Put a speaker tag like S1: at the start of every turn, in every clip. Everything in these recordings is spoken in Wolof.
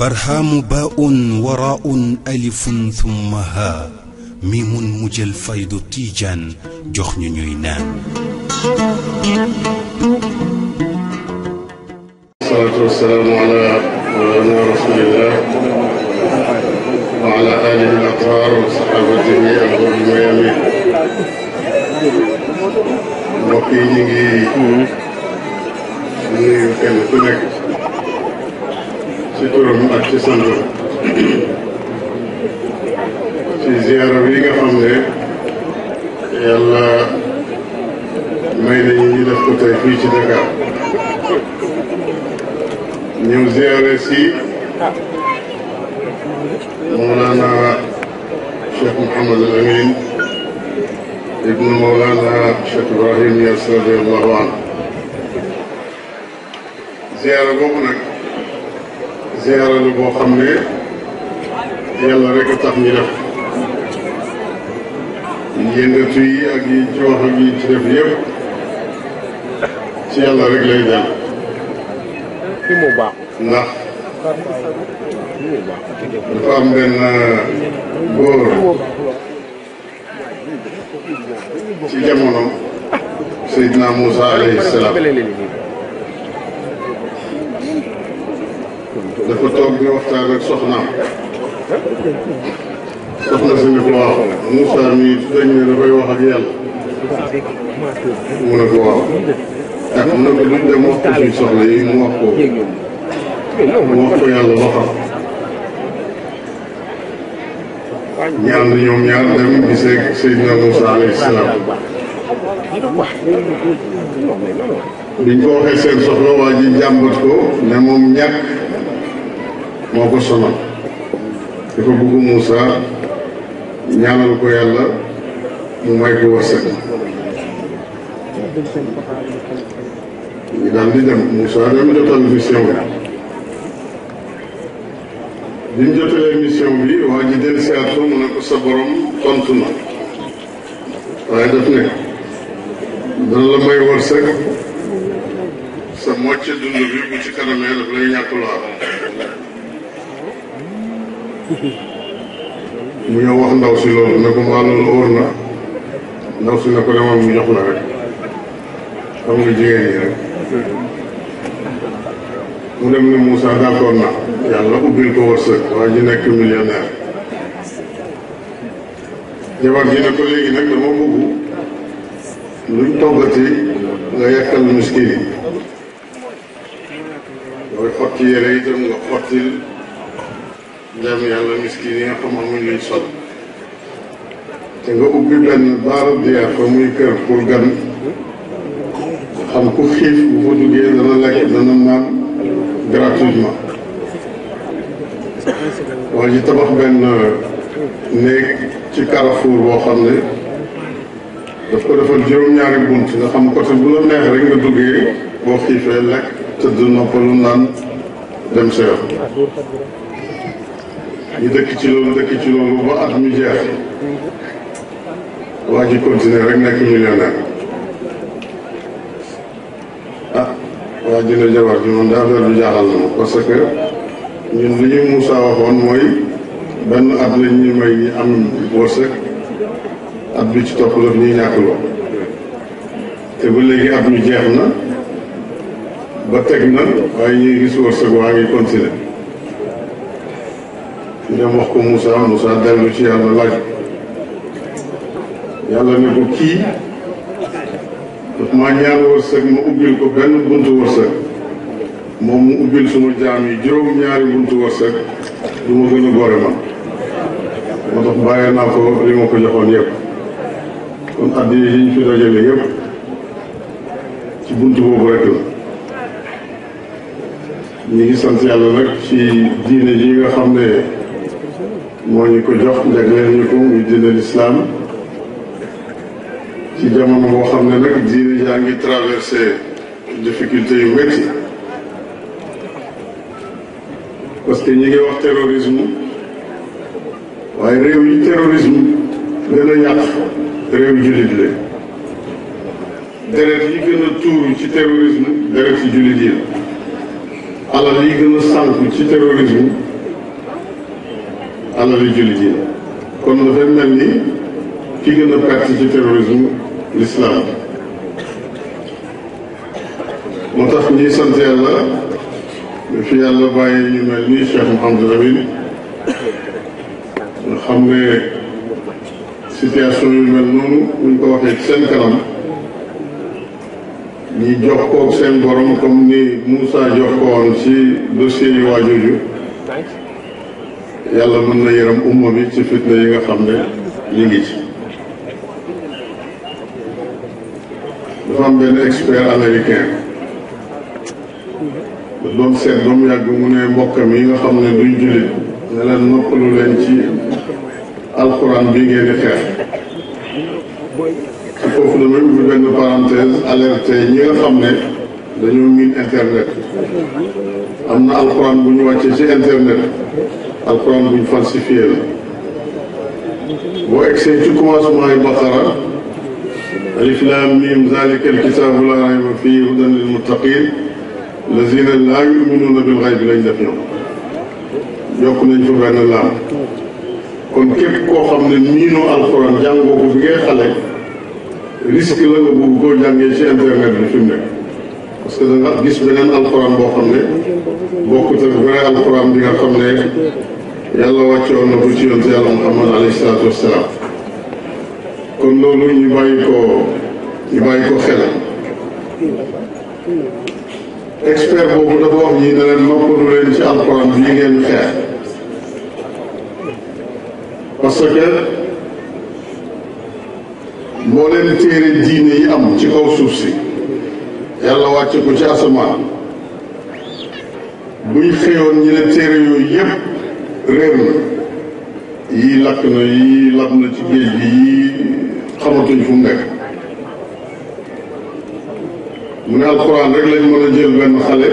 S1: برهام باء وراء ألف ثم ها ميم مجل فيض تيجان جخن نينان الصلاة والسلام على رسول الله وعلى آله الأطهار وصحابته أهل الميامين mbokk yi ñu ngi. nuyu kenn ku nekk. ci turam ak ci santam. ci ziara bi nga xam ne. may nañu ñu def ko tey fii ci Dakar. ñëw ziara si. Mawlana Cheikh Mouhamadul Amin. ابن مولانا شيخ إبراهيم ياس رضي الله عنه ziyaara boobu nag ziyaara la boo xam ne yàlla rek a tax ñu def yëngatu yi ak yi ci ak yi ci def yëpp ci yàlla rek lay dem ndax dafa am benn góor ci jamono Seydina Moussa alayhi salaam dafa toog di waxtaan ak soxna si ne ko waaw Moussa mii dañ ne dafay wax ak yàlla mu ne ko waaw ak mu ne ko luñ dem wax ko suñ soxla yi mu wax ko mu wax ko yàlla ba xam
S2: ñaan ñoom ñaar dem gisee ak Seydina Moussa alayhi salaam.
S1: biñ ko waxee seen soxla waa ji jàmbat ko ne moom ñàkk moo ko sonal. dafa bëgg Moussa ñaanal ko yàlla mu may ko wërsëg. ñu daal di dem Moussa dem jotal vision bi. bi jotee émission bi waa ji dellu si àdduna mu sa borom tontu na waaye daf ne dana la may wërsëg sa mocce dund bi bu ci kanamee daf lay ñàkk laa mu ñëw na rek xam nga jigéen ñi rek mu dem ne Moussa d'accord na yàlla ubbil ko wërsëg waaye ji nekk millionnaire jabar ji ne ko léegi nag dama bëgg luñ toggati nga yàkkal miskin yi looy xotti yére itam nga xottil dem yàlla miskin yi nga xam amuñ luñ sol te nga ubbi benn baara diyaar fa muy kër pour gan xam ku xiif bu fa duggee dana lekk dana naan gratuitement waa ji tabax benn néeg ci Carrefour boo xam ne daf ko defal juróom-ñaari bunt nga xam côté bu la neex rek nga duggee boo xiifee lekk tëdd noppalu naan dem sa yoon dëkk ci loolu dëkk ci loolu ba at mi jeex waa ji continuer rek nekk millionnaire waaw jërëjëf waay ji man daa affaire bi jaaxal na ma parce que ñun li ñu Moussa waxoon mooy benn at lañ ñu may am wërsëg at bi ci topp la ñuy ñàkk te ba léegi ab mi jeex na ba teg na waaye ñuy gis wërsëg waa ngi continuer ñoom wax ko Moussa Moussa dellu ci yàlla laaj yàlla ne ko kii. maa ñaan wërsëg ma ubbil ko benn buntu wërsëg moom mu ubbil suma jaam yi juróom-ñaari buntu wërsëg du ma gën a gore man moo tax bàyyee naa ko li ma ko joxoon yëpp kon addi yi ngi sant yàlla ci diine ji nga xam ne moo ñu ko jox jagleel ñu ko muy diine lislaam ci jamono boo xam ne nag diine yaa ngi traversé difficulté yu métti parce que ñi ngi wax terrorisme waaye réew yi terrorisme gën a yàq réew jullit la deret yi gën a tuuru ci terrorisme deret yi jullit yi alal yi gën a sànku ci terrorisme alal yi jullit yi la kon dafay mel ni ki gën a perte ci terrorisme lislaam moo tax ñuy sant yàlla ñu fi yàlla bàyyi ñu mel nii Cheikh Mouhamadou Lamine nga xam ne situation yu mel noonu buñ ko waxee ci seen kanam ñi jox koog seen borom comme ni Moussa jox ko ci dossier yi waa jooju yàlla mën na yërëm umma bi ci fitna yi nga xam ne ñu ngi ci dafa am benn expert américain da doon seet ba mu yàgg mu ne mbokkam yi nga xam ne duñ jullit ne leen noppalu leen ci alxuraan bii ngeen di ci foofu la may ubbi benn parenthèse alerté ñi nga xam ne dañoo miin internet am na alxuraan bu ñu wàccee ci internet alxuraan bu ñu la boo egsee ci commencement yi Baqara ألف لام ميم ذلك الكتاب لا ريب فيه هدى للمتقين الذين لا يؤمنون بالغيب لا يدفعون يوكو نجو بين الله كون كيب كو خامن مينو القران جانغو بو بيي خالي ريسك لا بو بو جانغي سي انترنت بي فيم نك باسكو دا نغات غيس بنين القران بو خامن بوكو تا غري القران ديغا خامن يالا واتيو نوبو تي يونس يالا محمد عليه الصلاه والسلام kon loolu ñu bàyyi ko ñu bàyyi ko xel expert boobu dafa wax ñi ne leen leen ci alxuraan bi ngeen xeex parce que moo leen téere diine yi am ci kaw suuf si yàlla wàcce ko ci asamaan buñ xëyoon ñi ne téere yooyu yépp réer na yii lakk na yii lakk na ci géej gi yii xamatuñ fu mu nekk mu ne alxuraan rek lañ mën a jël benn xale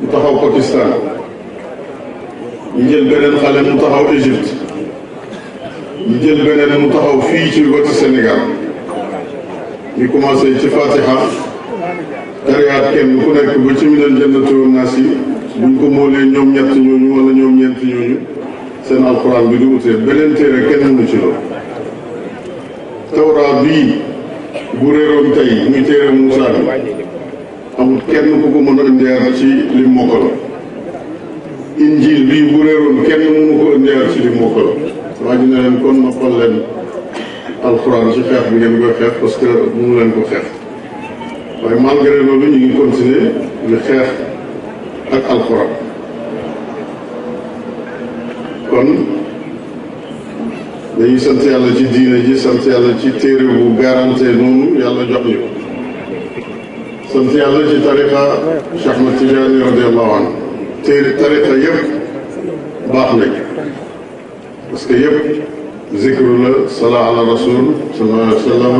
S1: mu taxaw Pakistan ñu jël beneen xale mu taxaw Égypte ñu jël beneen mu taxaw fii ci wetu Sénégal ñu commencé ci Fatiha tariyaat kenn ku nekk ba ci minal jannatu naas yi buñ ko moolee ñoom ñett ñooñu wala ñoom ñeent ñooñu seen alxuraan bi du utee beneen téere kenn mënu ci loolu tawra bii bu réeroon tey muy téere Moussa bi kenn ku ko mën a ndeer ci li mokkal injil bii bu réeroon kenn mënu ko ndeer ci li mokkal waa ji ne leen kon noppal leen alxuraan ci xeex bi ngeen koy xeex parce que mënu leen ko xeex waaye malgré loolu ñu ngi continuer li xeex ak alxuraan kon dañuy sant yàlla ci diine ji sant yàlla ci téere bu garanté noonu yàlla jox ñu sant yàlla ci tariqa Cheikh Ahmad Tidiane radiyallahu anhu téere tariqa yëpp baax nañ parce que yëpp zikru la salaa ala rasul sallallahu alayhi wa sallam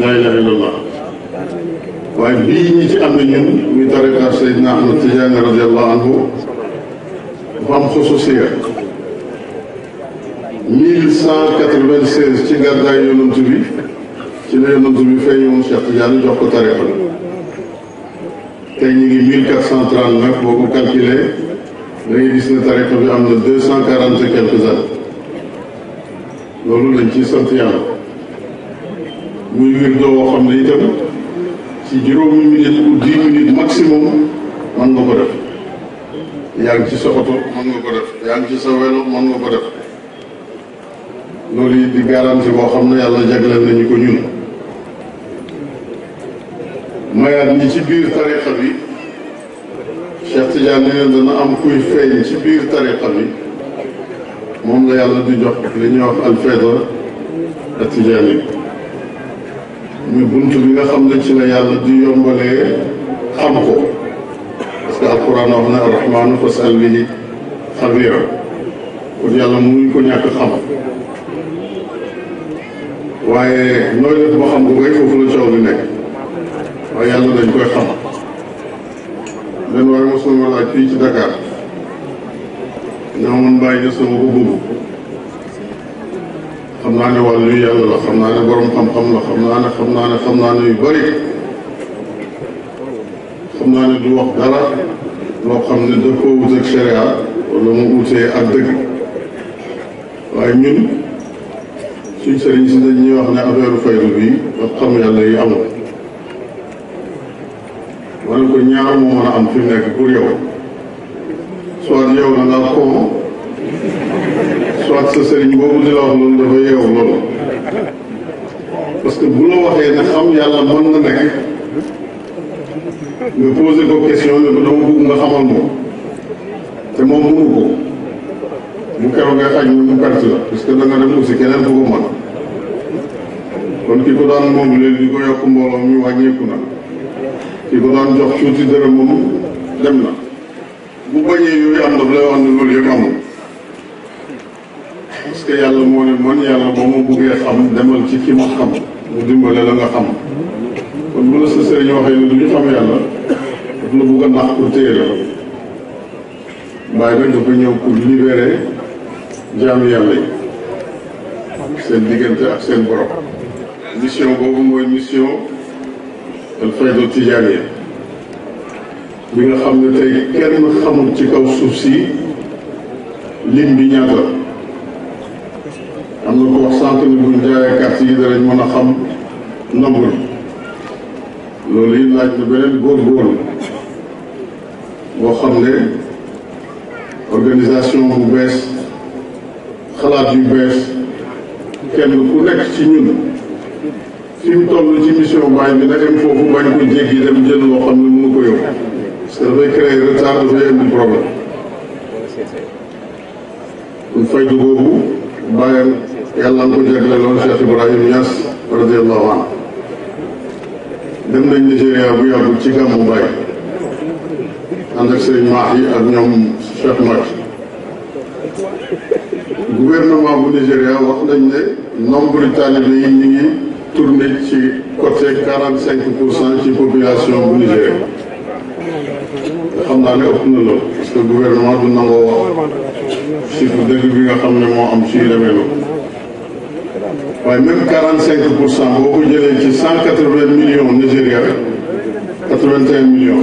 S1: laa ilaha illallah waaye bii ñi ci am na ñun muy tariqa Seydina Ahmad Tidiane radiyallahu anhu dafa am xususiya 1196 ci gàddaay yonant bi ci la yonant bi fay yoon Cheikh jox ko tarixa bi tey ñu ngi 1439 boo ko calculé da ngay gis ne tarixa bi am na 240 et quelques années loolu lañ ciy sant muy wird woo xam ne itam ci juróomi minute ou dix minutes maximum mën nga ko def yaa ci sa oto mën nga ko def yaa ngi ci sa welo mën nga ko def loolu it di garanti boo xam ne yàlla jagleel nañu ko ñun mayaat ñi ci biir tariqa bi Cheikh Tidiane ne leen am kuy feeñ ci biir tariqa bi moom la yàlla di jox li ñuy wax alfayda atijaani muy bunt bi nga xam ne ci la yàlla di yombalee xam ko parce que alquran wax na arrahmaanu fasal bihi xabira kon yàlla mënuñ ko ñàkk xam waaye nooy def ba xam ko koy foofu la coow li nekk waaye yàlla dañ koy xam len waaye mos na ma laaj fii ci Dakar ñoo man bàyyi gis na ma ko bëgg xam naa ne wàllu yu yàlla la xam naa ne borom xam-xam la xam naa ne xam naa ne xam naa ne yu bëri xam naa ne du wax dara loo xam ne dafa wut ak sharia wala mu utee ak dëgg waaye ñun suñ sëriñ si dañuy wax ne affaire faydu bi ak xam yàlla yi amul wala ko ñaar moo mën am fi mu nekk pour yow soit yow na ngaa xoomo soit sa sëriñ boobu di wax loolu dafa yeew loolu parce que bu la waxee ne xam yàlla mën na nekk nga posé ko question ne ko dama nga xamal moom te moom mënu ko ñu koy waxee xaj ñu perte la parce que da dem aussi keneen du ko mën kon ki ko daan moom léegi di ko yokk mbooloo mi wàññeeku na ki ko daan jox tuuti dërëm moom dem na bu bañee yooyu am daf lay wax ne loolu yëpp amul parce que yàlla moo ne man yàlla boo ma buggee xam demal ci ki ma xam mu dimbale la nga xam kon bu la sa sëriñ waxee ne ñu xam yàlla daf la bugg a nax pour téye la waaye nag dafa ñëw pour libérer jaamu yàlla yi seen diggante ak seen borom mission boobu mooy mission al fayda tijaaniya bi nga xam ne tey kenn xamul ci kaw suuf si lim bi ñaata la am na ko wax sant ni buñ jaayee carte yi danañ mën a xam nombre loolu yi laaj na beneen góorgóorlu boo xam ne organisation bu bees xalaat yu bees kenn ku nekk ci ñun fi mu toll ci mission baay bi na foofu bañ ko jéggi dem jël loo xam ne mënu ko yow parce que dafay créer retard dafay indi problème kon faydu boobu bàyyam yàlla nga ko jagle loolu Cheikh Ibrahim Niass radiallahu anhu dem nañ Nigéria bu yàggul ci gàmmu Baye ànd ak sëriñ maax ak ñoom Cheikh Macky gouvernement bu Nigéria wax nañ ne nombre talibé yi ñu tourné ci côté quarante cinq population bu Nigéria xam naa ne ëpp na que parce que gouvernement du nangoo wax chiffre é o nga xam ne moo am ci demee waaye même quarante cinq pour cent boo ko o ci cent quatre vingt millions Nigéria quatre vingt un millions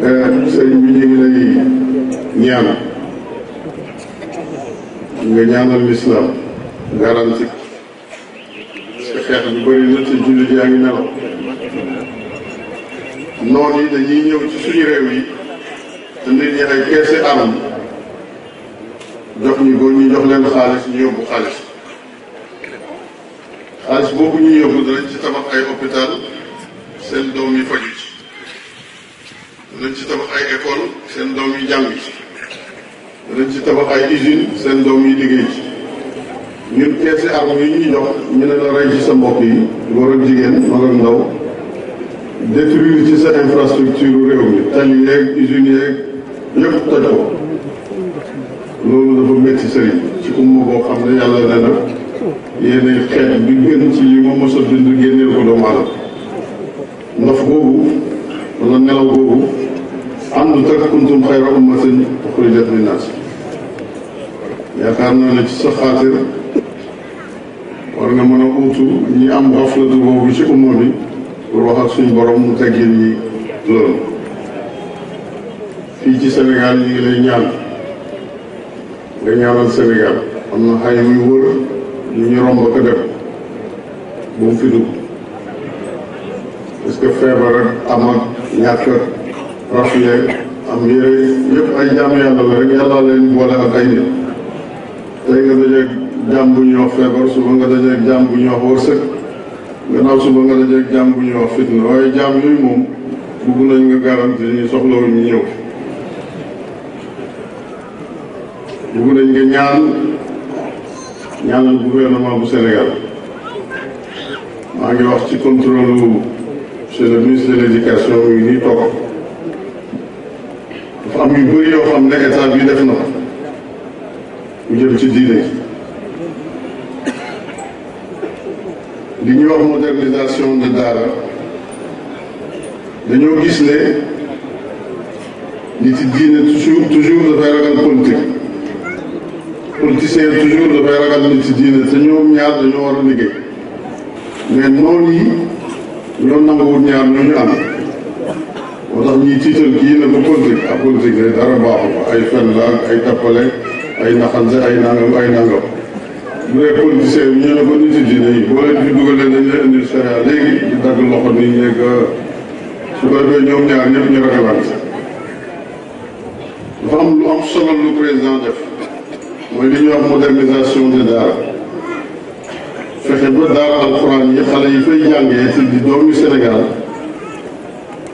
S1: sëriñ bi ñu ngi lay ñaan nga ñaanal lislaam garanti sa xeex bi bëri na te jullit yaa ngi nelaw noonu yi dañuy ñëw ci suñu réew yi te nit ñi ay jox ñu góor ñu jox leen xaalis ñu yóbbu xaalis xaalis boobu ñu yóbbu danañ ci tabax ay hôpital seen doom yi faju danañ ci tabax seen doom yi jàng ci danañ ci tabax ay usine seen doom yi liggéey ci yi arme yi ñuy jox ñu ne la rey ci sa mbokk yi góor ak jigéen mag réew mi tali yeeg usine yeeg loolu dafa métti sëriñ ci umma boo xam ne yàlla nee na yéen bi gën ci yi ma mos a génneel ko doomu aadama ndox boobu wala nelaw boobu antum kuntum xayra ummatin uxrijat linnaas yaakaar naa ne ci sa xaatir war nga mën a utu ñi am xaflatu boobu ci umma bi pour wax ak suñ borom mu teggil ñi loolu fii ci Sénégal ñu ngi lay ñaan nga ñaanal Sénégal am na xay yu wër ñu ñu romb ko dem bu mu fi dugg parce que feebar ak am ak ñàkk raf yeeg am yére yëpp ay jaam yàlla la rek yàlla leen boole ak ay nit tey nga dajeeg jaam bu ñuy wax feebar suba nga dajeeg jaam bu ñuy wax wërsëg gannaaw suba nga dajeeg jaam bu ñuy wax fitna waaye jaam yooyu moom bugg nañ nga garanti ñu soxlawuñ ñu ñëw bugg nañ nga ñaan ñaanal gouvernement bu Sénégal maa ngi wax ci contrôle monsieur le ministre de éducation mi ngi nii dafa am yu bëri yoo xam ne état bi def na ko mu jëm ci diine li ñuy wax modernisation de daara dañoo gis ne nit ci diine toujours toujours dafay ragal politique politicien toujours dafay ragal nit yi diine te ñaar dañoo war a liggéey mais noonu yi ñoo nanguwul ñaar ñoo ñu am tax ñuy tiital kii ne du politique ak ah, politique day dara baaxu ko ay fen la ay tappale ay naxante ay nangam ay nangam bu dee politicien bi ñu ne ko nit yi diine yi boo leen fi dugalee dañ lay indi charia léegi di dagg loxo ñoom ñaar ñëpp ñu rafetante dafa lu am solo lu président def mooy li ñuy wax modernisation de daara fexe ba daara alxuraan yi xale yi fay jàngee te di doomi Sénégal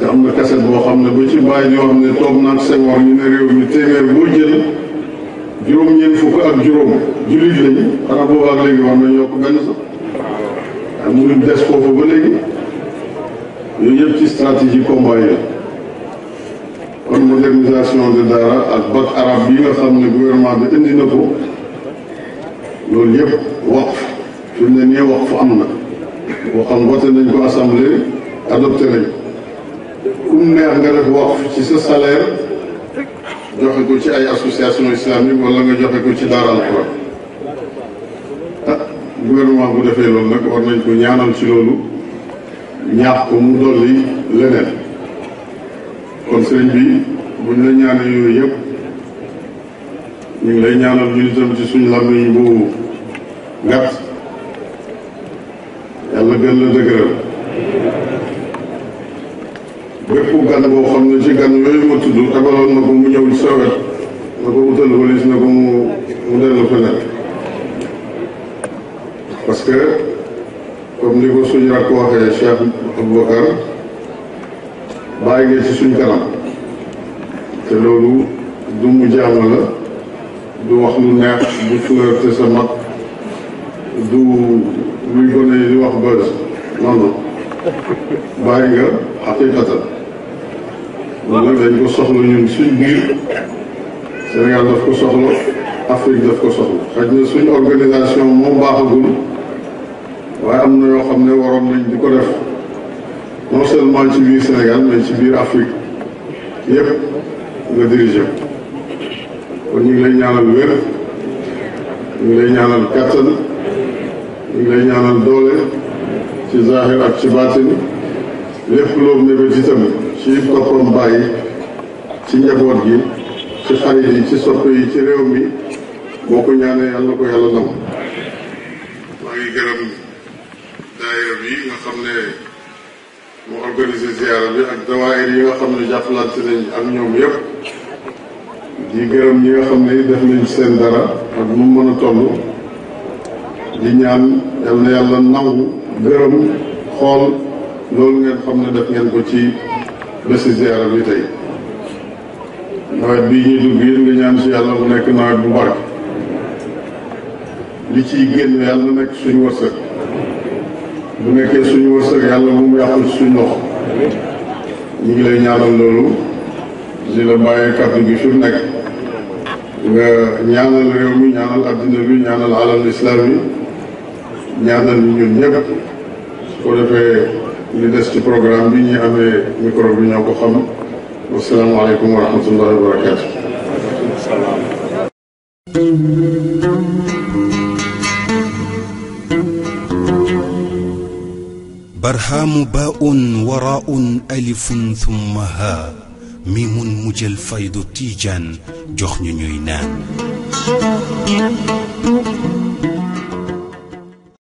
S1: que am na kaset boo xam ne ba ci bàyyi yoo xam ne toog naag Senghor ñu ne réew mi téeméer boo jël juróom-ñeent fukk ak juróom jullit lañu xanaa boobu ak léegi war nañ yokk benn sax ak mu ngi des foofu ba léegi yooyu yëpp ci stratégie combat yi kon modernisation de dara ak bac arabe bi nga xam ne gouvernement bi indi na ko loolu yëpp waqf fi mu ne nii waqf am na waxam voté nañ ko assemblée adopté nañ kum neex nga def waqf ci sa salaire joxe ko ci ay association islamique wala nga joxe ko ci daara alquran ah gouvernement bu defee loolu nag war nañ ko ñaanal ci loolu ñaax ko mu dolli leneen kon sëriñ bi buñ la ñaanee yooyu yëpp ñu ngi lay ñaanal ñu itam ci suñu làmmiñ bu gàtt yàlla gën la dëgëral bépp gan boo xam ne ci gan yooyu ma tudd tabaloon na ko mu ñëw ci sa ko utal walis na ko mu mu dellu feneen parce que comme ni ko suñu rakk waxee Cheikh Aboubacar bàyyi ngeen ci suñ kanam te loolu du mu jaamu du wax lu neex du flirte sa mag du luy gone di wax bës non non bàyyi nga xaqiqatan loolu dañ ko soxla ñun suñ biir Sénégal organisation moom waaye am na yoo xam ne waroon nañ di ko def non seulement ci biir Sénégal mais ci biir Afrique yëpp nga dirigé kon ñu ngi lay ñaanal wér ñu ngi lay ñaanal kattan ñu ngi lay ñaanal doole ci zahir ak ci baatin lépp loo mébét itam ci boppam bàyyi ci njaboot gi ci xarit yi ci sopp yi ci réew mi boo ko ñaanee yàlla ko yàlla nam maa ngi gërëm daayira bi nga xam ne mu organisé ziara bi yi nga xam ne jàppalante nañ ak ñoom yëpp di gërëm nga xam ne def nañ seen dara ak nu mu mën a toll di gërëm xool loolu ngeen xam ne def ngeen ko ci ba si ziara bi tey nawet bii ñuy dugg yéen nga ñaan si yàlla bu nekk nawet bu barke li ci génn yàlla na nekk suñu wërsëg bu nekkee suñu wërsëg yàlla bu mu yàqul suñu loxo ñu ngi lay ñaanal loolu di la bàyyee kàddu gi fi nekk nga ñaanal réew mi ñaanal addina bi ñaanal alal islam yi ñaanal ñu ñun ñëpp su ko defee li des ci programme bi ñi amee micro bi ñoo ko xam wasalaamaaleykum wa rahmatullahi wa barakaatu. barhaamu baa'un waraa'un alifun thumma haa miimun mujjal faydu tiijaan jox ñu ñuy naan.